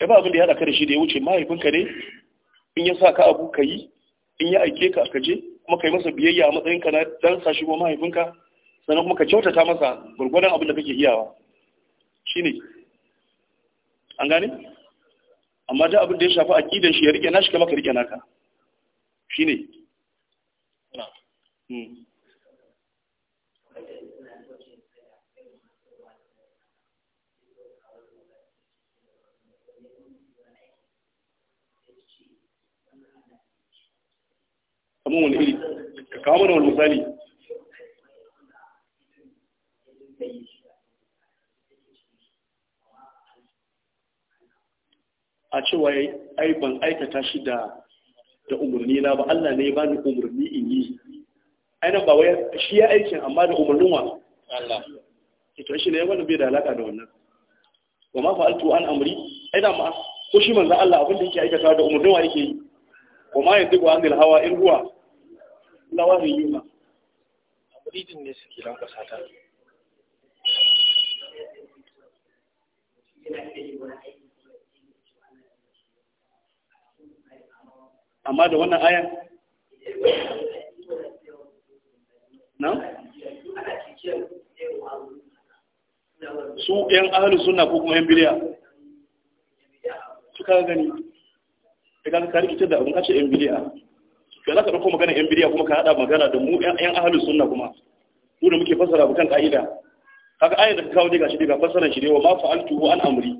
ai ba abin da ya haɗa kare shi da ya wuce mahaifinka ne in ya sa ka abu ka yi in ya aike ka ka je kuma ka yi masa biyayya a matsayinka na ɗan sa shi mahaifinka sannan kuma ka kyautata masa gwargwadon abin da kake iyawa shine an gane amma da abin da ya shafi aqidan shi ya rike nashi kamar ka rike naka shine na hmm. kamar wani iri ka kawo mana wani misali a cewa ai ban aikata shi da da umarni na ba Allah ne ya bani umarni in yi ainihin ba wai shi ya aikin amma da umarnin wa Allah to shi ne wannan bai da alaka da wannan wa ma fa'altu an amri ai da ma ko shi manzo Allah abin da yake aikata da umarnin wa yake yi wa ma yanzu wa angel hawa in huwa la yi ma. muridin ne suke ran kasata Thank you. amma da wannan ayan na? su ‘yan ahalu suna ko kuma ‘yan biliya su kaga gani da kaga kari ita da abin kace ‘yan biliya ka za ka ɗauko magana ‘yan biliya kuma ka haɗa magana da mu ‘yan ahalu suna kuma mu da muke fasara bukan ka'ida Haka ayan da kawo daga shi daga fasaran shi ne wa ma fa'altu an amri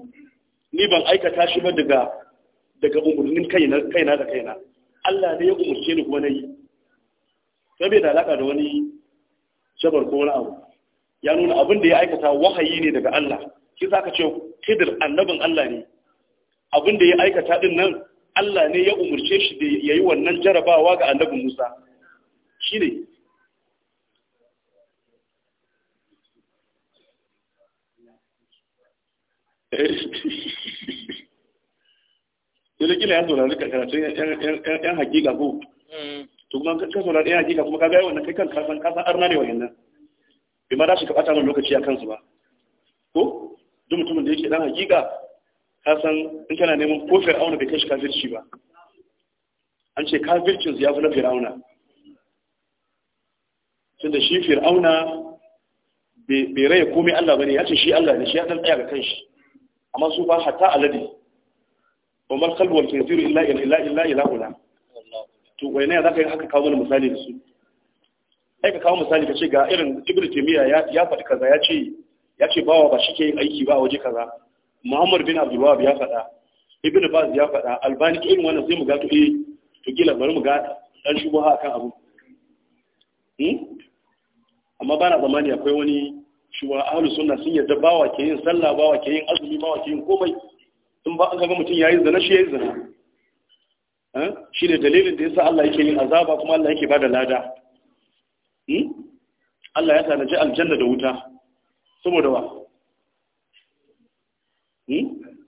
ni ban aikata shi ba daga umarnin kaina da kaina Allah ne ya umarce ni kuma na yi sai da alaka da wani shabar ko wani abu ya nuna abin da ya aikata wahayi ne daga Allah shi za ka ce hidir annabin Allah ne abin da ya aikata din nan Allah ne ya umarce shi da ya yi wannan jarabawa ga annabin Musa shi ne sai kila mm. ya saurari karatun yan hakika ko to kuma ka saurari yan hakika kuma ka gaya wannan kai kan kasan kasan arna ne wayannan bai ma dace ka bata mun lokaci a kansu ba ko duk mutumin da yake dan hakika ka san in kana neman ko fir'auna bai kai shi kafirci ba an ce kafircin ya fi na fir'auna tunda shi fir'auna bai raya komai Allah bane ya ce shi Allah ne shi ya dan tsaya ga kanshi amma su ba hatta alade wa mal qalbu wal tanziru illa illa illa ila to wai ne zaka yi haka kawo wani misali da su ai ka kawo misali ka ce ga irin ibnu ya faɗi kaza ya ce bawa ba shi ke yin aiki ba a waje kaza muhammad bin abdul ya faɗa ibnu baz ya faɗa albani irin wannan sai mu ga to bari mu ga dan shubuha akan abu amma ba zamani akwai wani shuwa ahalu suna sun yadda bawa ke yin sallah ke yin azumi bawa ke yin komai in ba an kaga mutum ya yi zina shi ya yi zina eh? shi ne dalilin da ya sa Allah yake yin azaba kuma Allah yake ba da lada hmm? Allah ya tanaji aljanna da wuta saboda wa hmm?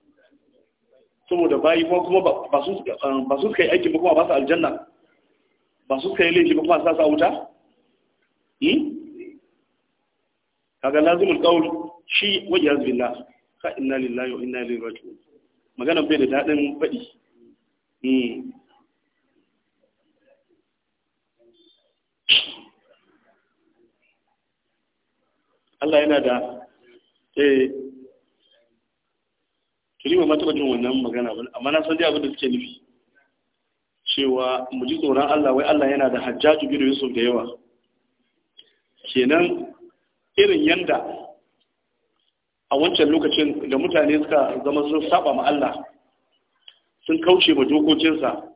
saboda bayi kuma ba su suka yi aiki ba kuma ba su aljanna ba su suka yi laifi ba kuma su sa wuta hmm? kaga lazimul qaul shi inna lillahi wa inna ilaihi raji'un maganan bai da daɗin faɗi hmm. Allah yana da eh tuni ma taɓa jin wannan magana amma na san dai abin da suke nufi cewa mu ji tsoron Allah wai Allah yana da hajjaju bin Yusuf da yawa kenan irin yanda a wancan lokacin da mutane suka zama sun saba ma Allah sun kauce ma dokokinsa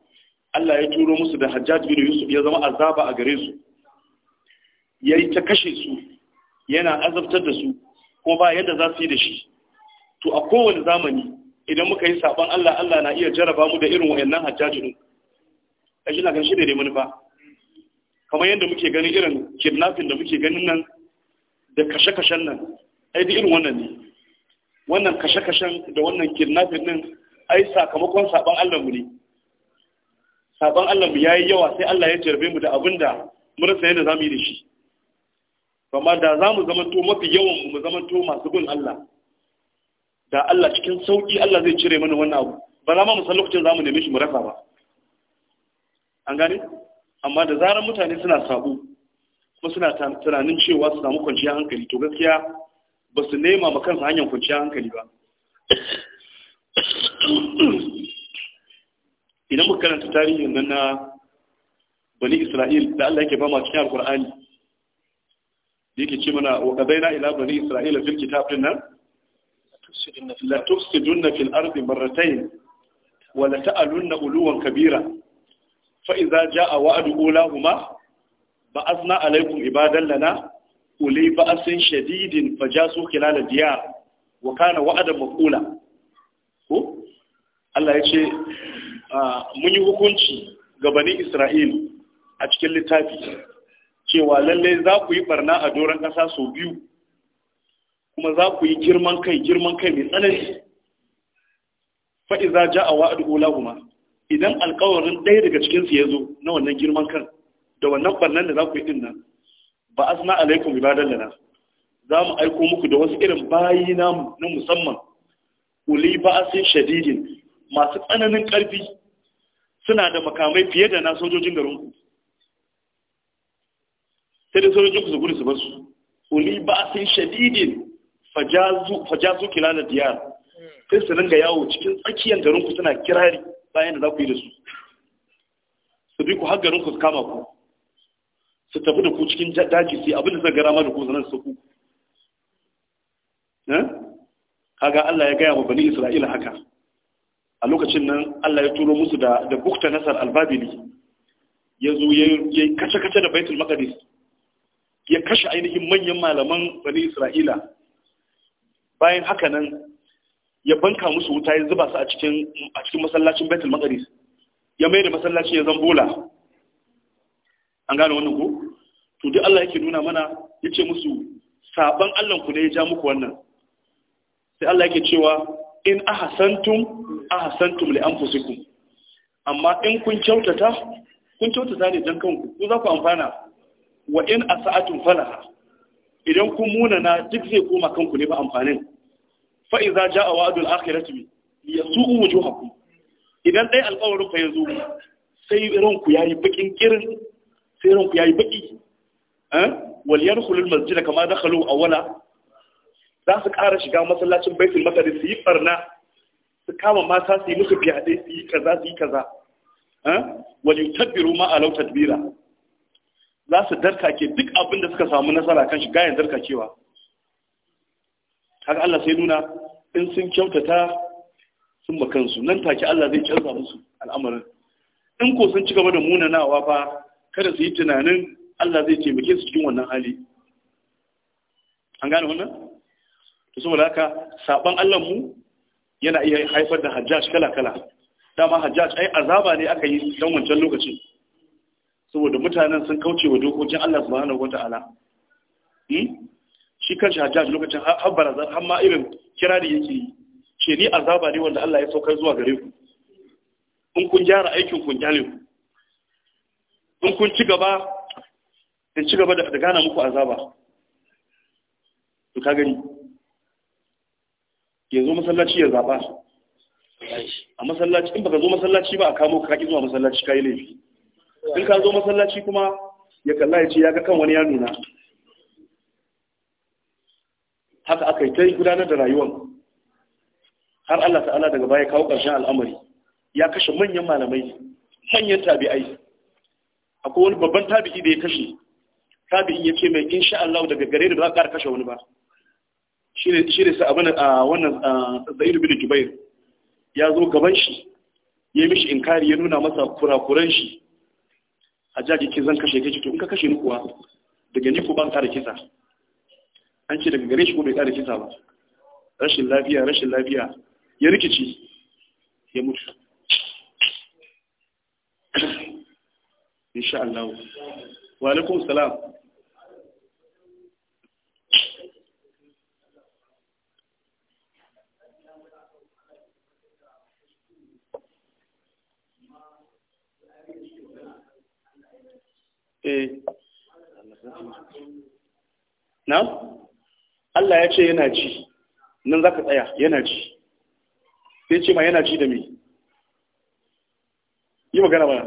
Allah ya turo musu da Hajjaj bin Yusuf ya zama azaba a gare su yayi ta kashe su yana azabtar da su ko ba yadda za su yi da shi to a kowane zamani idan muka yi saban Allah Allah na iya jaraba mu da irin wayannan Hajjaj din kashi na ganin shi ne manufa kamar yadda muke ganin irin kidnapping da muke ganin nan da kashe-kashen nan ai da irin wannan ne wannan kashe-kashen da wannan kidnapping din ai sakamakon saban Allah mu ne saban Allah mu yayi yawa sai Allah ya jarbe mu da abinda mun rasa yadda zamu yi da shi amma da zamu to mafi yawan mu mu to masu bin Allah da Allah cikin sauki Allah zai cire mana wannan abu ba za mu san lokacin zamu neme shi mu rasa ba an gane amma da zarar mutane suna sabo kuma suna tunanin cewa su samu kwanciyar hankali to gaskiya ba su nema ba kansu hanyar kwanciyar hankali ba idan muka karanta tarihin nan na bani isra'il da Allah yake ba ma cikin alkur'ani da yake ce mana wa qadaina ila bani Isra'il isra'ila fil ta din nan la tufsiduna fil ardi marratayn wa la ta'alunna uluwan kabira fa idza jaa wa'du ulahuma Ba'azna alaikun ibadan lana ulai ba'asin shadidin fajasu khilal diyar wa kana wa'adan maqula ko Allah ya ce ah, mun yi hukunci ga bani Isra'il a cikin littafi cewa lalle za ku yi barna a doron ƙasa sau biyu kuma za ku yi girman kai girman kai mai tsanani fa ja a wa'ad ulahuma idan alƙawarin ɗaya daga cikinsu ya zo na wannan girman kan da wannan barnan da za ku yi ɗin nan ba asna alaikum ibadan lana za mu aiko muku da wasu irin bayi na musamman uli ba'asin shadidin masu tsananin karfi suna da makamai fiye da na sojojin garinku sai da sojojin ku su gudu su bar su uli ba'asin shadidin fajazu kilala diyar sai su ringa yawo cikin tsakiyar garinku suna kirari bayan da za ku yi da su su bi ku har ku su kama ku su tafi da ku cikin daji sai abin da zai gara ma da ku zanen su ku eh? kaga Allah ya gaya wa bani Isra'ila haka a lokacin nan Allah ya turo musu da da bukta nasar albabili ya zo ya kace kace da baitul maqdis ya kashe ainihin manyan malaman bani Isra'ila bayan haka nan ya banka musu wuta ya zuba su a cikin a cikin masallacin baitul maqdis ya mai da masallaci ya zambola an gane wannan ko to duk Allah yake nuna mana yace musu saban Allah ku ne ya ja muku wannan sai Allah yake cewa in ahsantum ahsantum li anfusikum amma in kun kyautata kun kyautata ne dan kanku ku za ku amfana wa in asa'atum falaha idan kun munana duk zai koma kanku ne ba amfanin fa iza jaa wa'dul akhirati yasu'u wujuhakum idan dai alƙawarin fa yazo sai ranku yayi bakin kirin sai ranku yayi baki Eh? wal yadkhulul masjida kama dakhalu awwala za su kara shiga masallacin baitul maqdis su yi farna, su kama mata su yi musu fiyade su yi kaza su yi kaza eh? wal yutabbiru ma alau tadbira za su darkake duk abin da suka samu nasara kan shi gayan darkakewa haka Allah sai nuna in sun kyautata sun kansu. nan take Allah zai canza musu al'amarin in ko sun ci gaba da munanawa fa kada su yi tunanin Allah zai taimake su cikin wannan hali an gane wannan to saboda haka saban Allah mu yana iya haifar da hajjaj kala kala dama hajjaj ai azaba ne aka yi don wancan lokacin saboda mutanen sun kauce wa dokokin Allah subhanahu wataala hmm? shi kanshi hajjaj lokacin har barazan har ma irin kirari yake yi ce ni azaba ne wanda Allah ya saukar zuwa gare ku in kun gyara aikin kun gyale ku in kun ci gaba sai ci gaba da gana muku azaba to ka gani yanzu masallaci ya zaba a masallaci in baka zo masallaci ba a kamo ka ki zuwa masallaci kai laifi in ka zo masallaci kuma ya kalla ya ce ya ga kan wani ya nuna haka aka yi ta gudanar da rayuwar har Allah ta'ala daga baya kawo ƙarshen al'amari ya kashe manyan malamai manyan tabi'ai akwai wani babban tabi'i da ya kashe tabi'in ya ce mai insha Allah daga gare da ba za kashe wani ba shi ne sa abin a wannan zaidu bin jubair ya zo gaban shi ya yi mishi inkari ya nuna masa kurakuran shi a jaji ke zan kashe ke to in ka kashe ni kuwa daga ni ku ban kare kisa an ce daga gare shi ko bai kare kisa ba rashin lafiya rashin lafiya ya rikici ya mutu insha Allah wa alaikum salam eh na Allah ya ce yana ji nan za ka tsaya yana ji sai ce ma yana ji da me yi magana ba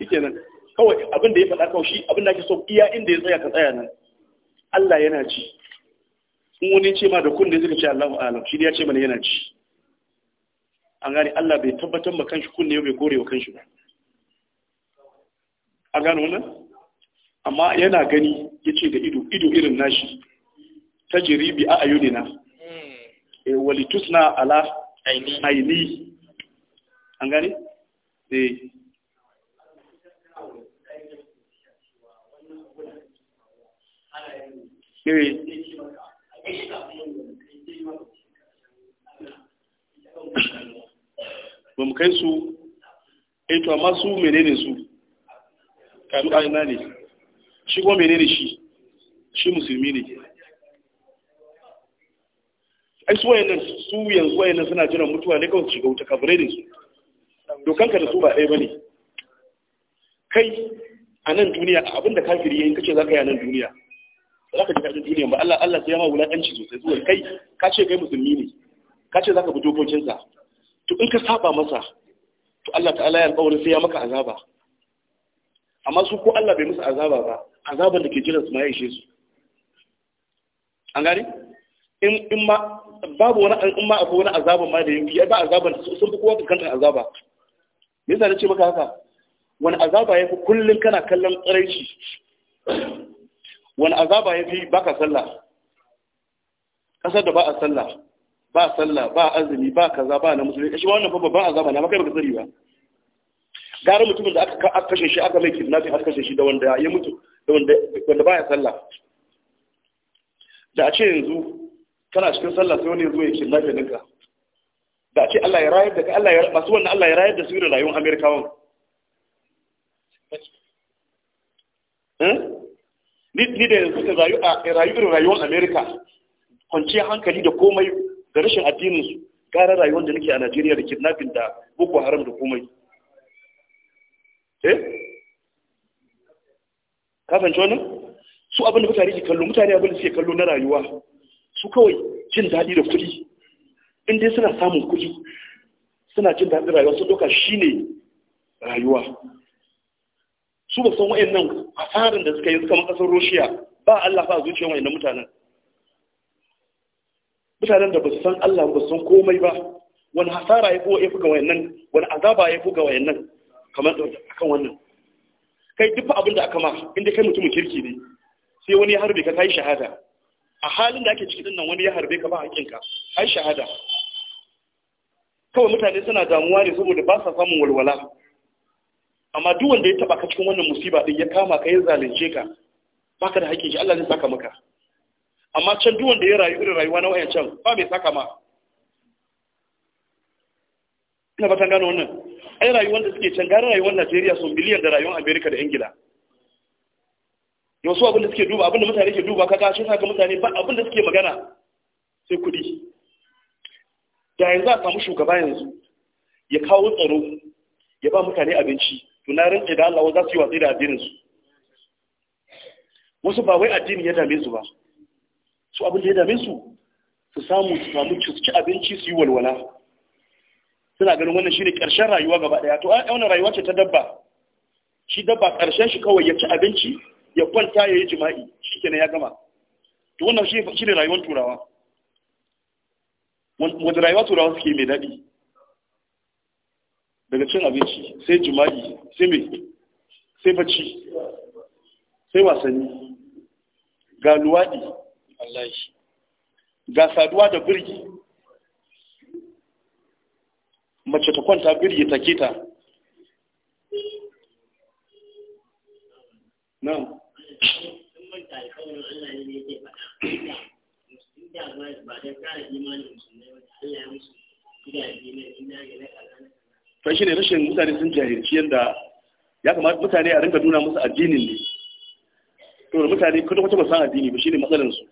ike nan kawai abin da ya faɗa kawai shi abin da ake so iya inda ya tsaya ka tsaya nan Allah yana ji in wani ce ma da kun da zai ce Allahu alam shi ne ya ce mana yana ji an gane Allah bai tabbatar ma kanshi kunne bai kore wa kanshi ba a gano nan? amma yana gani ya ce da ido ido irin nashi ta jiribi a na. Hmm. e eh, walitus na ala aini an gani? e eh. eh. ba mu kai su eto amma su menene su kafirai na ne shi kuma menene shi shi musulmi ne ai su wayannan su yanzu wayannan suna jiran mutuwa ne kawai su shiga wuta kabare ne su dokanka da su ba ɗaya bane kai a nan duniya abinda kafiri yayin kace zaka yi a nan duniya za ka ji daɗin duniya ba Allah Allah sai ya ma wulaƙanci sosai zuwa kai ka ce kai musulmi ne ka ce za ka bi dokokinsa to in ka saba masa to Allah ta'ala ya alƙawarin sai ya maka azaba amma su ko Allah bai musu azaba ba azaban da ke jira su ma ya ishe su an gani in ma babu wani in ma akwai wani azaban ma da yanki ba azaban sun fi kowa kankan azaba me yasa nace maka haka wani azaba yafi kullun kana kallon tsaraici wani azaba yafi baka sallah kasar da ba a sallah ba sallah ba azumi ba kaza ba na musulmi shi wannan babban azaba na maka baka sani ba gara mutumin da aka kashe shi aka mai kidnapping aka kashe shi da wanda ya mutu da wanda baya sallah da a ce yanzu kana cikin sallah sai wani yanzu ya kidnapping ɗinka da a ce Allah ya rayar da Allah ya masu wannan Allah ya rayar da su da rayuwar Amerikawan eh? ni da yanzu rayu a da rayuwar Amerika kwanciya hankali da komai da rashin addininsu gara rayuwar da nake a Najeriya da kidnapping da Boko Haram da komai eh ka wannan su abin da mutane ke kallo mutane abin da suke kallo na rayuwa su kawai jin daɗi da kuɗi in dai suna samun kuɗi suna jin daɗin rayuwa su ɗauka shi ne rayuwa su ba san wa'annan asarin da suka yi suka makasar roshiya ba Allah ba zuciyar nan mutanen mutanen da ba su san Allah ba su san komai ba wani hasara ya fi wa'in nan wani azaba ya fi ga nan kamar da kan wannan kai duk abin da aka ma inda kai mutumin kirki ne sai wani ya harbe ka yi shahada a halin da ake ciki nan wani ya harbe ka ba hakinka ai shahada kawai mutane suna damuwa ne saboda ba sa samun walwala amma duk wanda ya taba ka cikin wannan musiba din ya kama ka ya zalunce ka baka da hakki shi Allah zai saka maka amma can duk wanda ya rayu irin rayuwa na wayan can ba mai saka ma ina ba ta gano wannan ai rayuwar da suke can gara rayuwar Najeriya sun biliyan da rayuwar Amerika da Ingila yau su abinda suke duba abinda mutane ke duba kaka shi haka mutane ba abinda suke magana sai kudi da yanzu a samu shugaba yanzu ya kawo tsaro ya ba mutane abinci tunarin da Allah za su yi watsi da addinin su wasu ba wai addini ya dame su ba su abinda ya dame su su samu su samu su ci abinci su yi walwala suna ganin wannan shine karshen rayuwa gaba ɗaya to ai wannan rayuwa ce ta dabba shi dabba ƙarshen shi kawai ya ci abinci ya kwanta ya yi jima'i shi kenan ya gama to wannan shi shine rayuwar turawa wanda rayuwa turawa suke mai daɗi daga cin abinci sai jima'i sai mai sai bacci sai wasanni ga luwaɗi ga saduwa da birgi mace ta kwanta biri ya take ta na'am fashi ne rashin mutane sun jahilci yadda ya kamata mutane a rinka nuna musu addinin ne to da mutane kuma kwata ba san addini ba shine matsalar su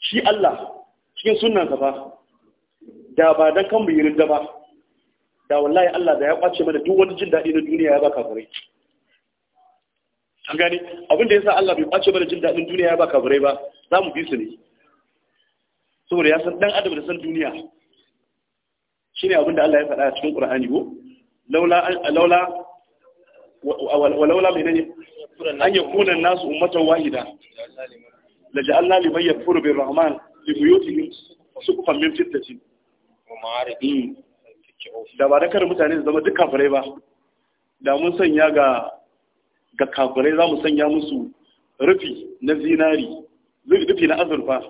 shi Allah cikin sunan sa fa da ba dan kan mu yi ba da wallahi Allah da ya kwace mana duk wani jin daɗi na duniya ya ba kafirai an gane abin da yasa Allah bai kwace mana jin daɗin duniya ya ba kafirai ba za mu bi su ne saboda ya san dan adam da san duniya shine abin da Allah ya faɗa a cikin Qur'ani ko laula laula wa laula menene an yakuna an-nasu ummatan wahida laja'alna liman yakfuru bir-rahman li buyutihim suqfan min fiddatin Hmm. da ba da kada mutane su zama duk kafirai ba da mun sanya ga ga kafirai za mu sanya musu rufi na zinari rufi na azurfa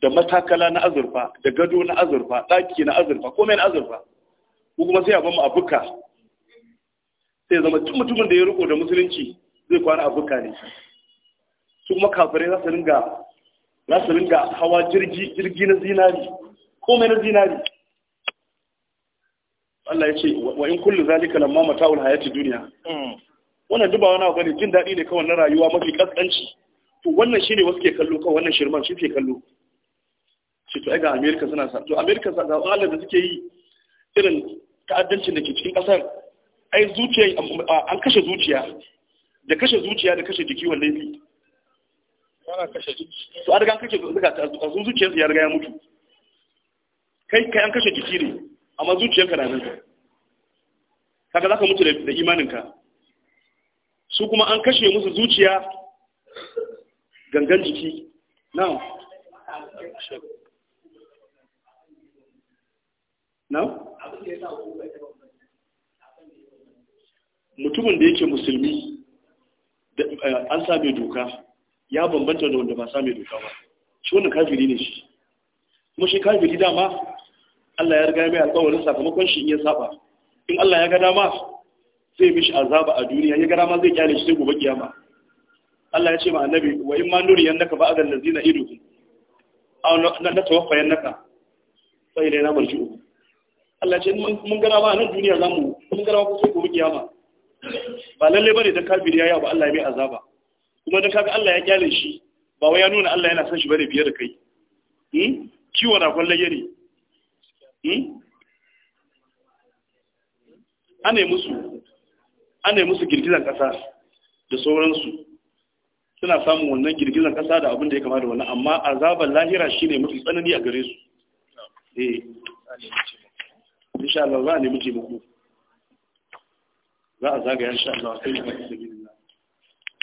da matakala na azurfa da gado na azurfa ɗaki na azurfa komai na azurfa ko kuma sai a bamu abuka sai zama tun mutumin da ya riko da musulunci zai kwana abuka ne su kuma kafirai za su ringa za su ringa hawa jirgi jirgi na zinari komai na zinari Allah ya ce wa in kullu zalika lamma mata'ul hayati dunya mm. wannan duba wani abu ne jin daɗi ne kawai na rayuwa mafi kaskanci to wannan shine wasu ke kallo kawai wannan shirman shi ke kallo shi to ga America suna sa to America sa ga Allah da suke yi irin ta'addancin da ke cikin kasar ai zuciya an kashe zuciya da kashe zuciya da kashe jiki wanda yafi to an riga an kashe zuciya ya riga ya mutu kai kai an kashe jiki ne amma zuciyarka na nan kaga za ka mutu da imaninka su kuma an kashe musu zuciya gangan jiki na na mutumin da yake musulmi eh, an same doka ya bambanta da wanda ba same doka ba shi wannan kafiri ne shi kuma shi kafiri dama Allah ya riga mai alƙawarin sakamakon shi in ya saba in Allah ya ga dama zai mishi azaba a duniya ya ga dama zai kyale shi sai gobe kiyama Allah ya ce ma annabi wa in ma nuri yannaka ba azal lazina iduhum aw na na tawaffa yannaka fa ilayna marji'u Allah ya ce mun gara a nan duniya zamu mun gara ko sai gobe kiyama ba lalle bane dan kafiri ya yi ba Allah ya mai azaba kuma dan kaga Allah ya kyale shi ba wai ya nuna Allah yana son shi bane fiye da kai hmm ciwo na kwallaye ne Hmm? ana yi musu girgizar girgizan ƙasa da sauransu suna samun wannan girgizan ƙasa da abin da ya kama da wannan amma azabar lahira shi ne mafi tsanani a gare su eh za a nemi za a zagaya sha'adawa Allah sai